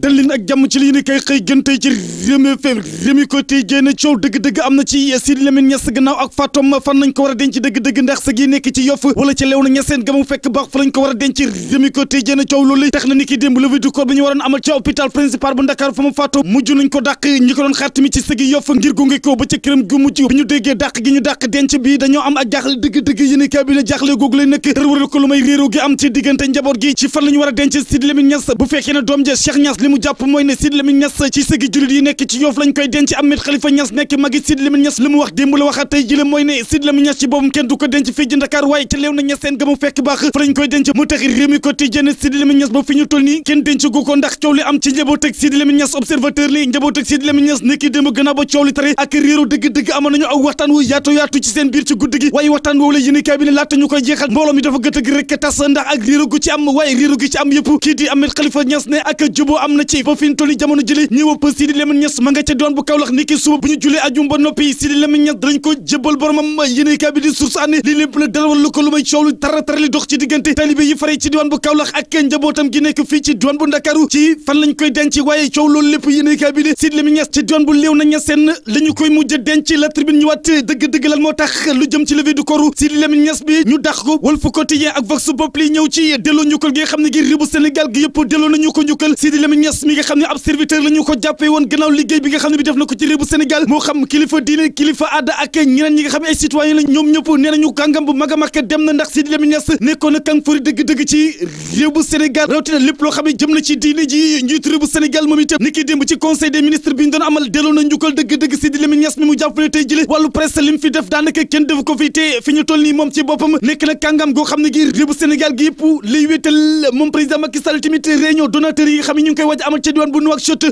dalin ak jàmm ci li ñu xëy gën ci Rewmi FM Rewmi na ci Sidy Lamine Niass gannaaw ak ko war a coow dëgg-dëgg am ci ci fan la ñu bu fekkee ne doom ja Cheikh Niass li mu jàpp mooy ne Sidy Lamine Niass ci sëgi jullit yi nekk ci Yoff lañ koy denc Ahmed Khalifa Niass nekk magi Sidy Lamine Niass li mu wax démb la waxaat tey jile mooy ne Sidy ci boppam kenn du denc fii ji Ndakaar waaye ca leew na Niasseen ga mu fekk baax fa lañ koy denc mu tax réew mi ko tijjee ne Sidy Lamine Niass ba fi ñu nii kenn denc gu ko ndax coow am ci njaboot ak Sidy Lamine observateur li njaboot ak Sidy Lamine nekki démb gannaaw ba coow ak réeru dëgg am am na ci ba fi tolli jamono jëli ñuy wëpp Sidi Lamine Niass ñu julee ko jébbal boromam yéene kaay bi di li ñëw ci delloo ñukkal gi xam ne gi réewu Sénégal gi yëpp delloo nañu ko ñukkal Sidi Lamine Niass mi nga xam ne ab serviteur la ñu ko bu ci conseil des ministres bi ñu amal delloo na njukkal dëgg-dëgg Sidi Lamine Niass mi mu jàppale tey jële wàllu presse li fi def daanaka kenn def ko fi te fi ñu toll nii moom ci boppam nekk na kàngam goo xam ne gi réew bu gi yëpp lay wéetal moom président Macky Sall tamit réunion donateur yi xam ñu ngi koy wa ji amal ca diwaan bu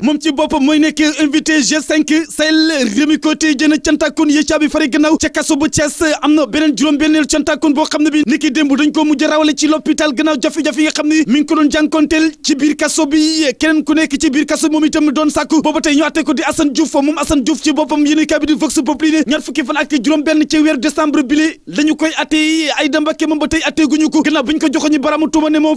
moom ci boppam mooy nekk invité G5 Sahel Rewmi Quotidien cantakon yi caabi fari gannaaw ca kaso bu Thiès am na beneen juróom-benneel cantakon biir kaso bi keneen ku doon sàkku booba tey ñu àtte ko di Assane moom Assane Diouf ci boppam yéen kabi di Vox Populi ne ñaar fukki fan ak juróom benn ci weeru décembre bi la ñu koy atte Aïda Mbacké moom ba tey atteeguñu ko gannaaw bu ñu ko joxoñu baramu tuuma ne moom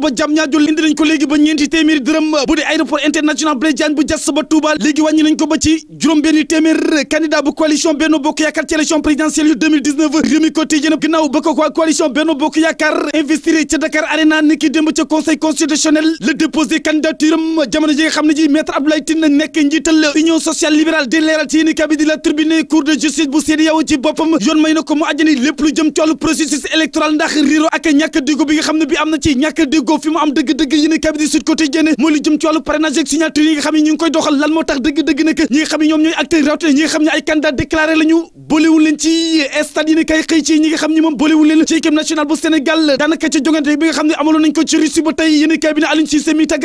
ba jam ñaajo indi nañ ko léegi ba ñeenti téeméeri dërëm bu di aéroport international Blaise bu jas ba Touba léegi wàññi nañ ko ba ci juróom benn téeméer candidat bu coalition Benno Bokk Yaakaar ci élection présidentielle yu 2019 Rewmi Quotidien ginnaaw ba ko waa Benno Bokk Yaakaar investir ca Dakar Arena ni ki démb ca conseil constitutionnel la déposé candidature am jamono nga xam ne ji maître Abdoulaye Tine nekk njiital la tribune déggoo fi mu am dëgg-dëgg yéen kabi di ko ci Russie ne Aliou Cissé mi ci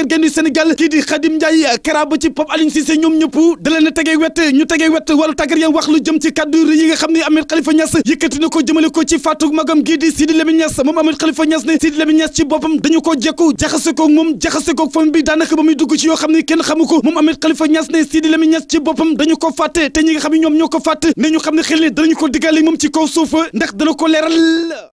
Pape Aliou Cissé ñoom ñëpp da leen a wet ñu tegee wet wàllu tàggat wax lu jëm ci kaddu yi nga xam na ko jëmale ko ci faatu magam gii di Sidi Lamine Niass moom Ahmed Khalifa Niass ne Sidi Lamine Niass ci boppam dañu ko wajjeku jaxase ko moom jaxase ko fam bi daanaka ba muy dugg ci yoo xam ne kenn xamu ko moom Ahmed Khalifa Niass ne Sidi Lamine Niass ci boppam dañu ko fàtte te ñi nga xam ne ñoom ñoo ko fàtte ne ñu xam ne xel ne danañu ko diggaale moom ci kaw suufa ndax dana ko leeral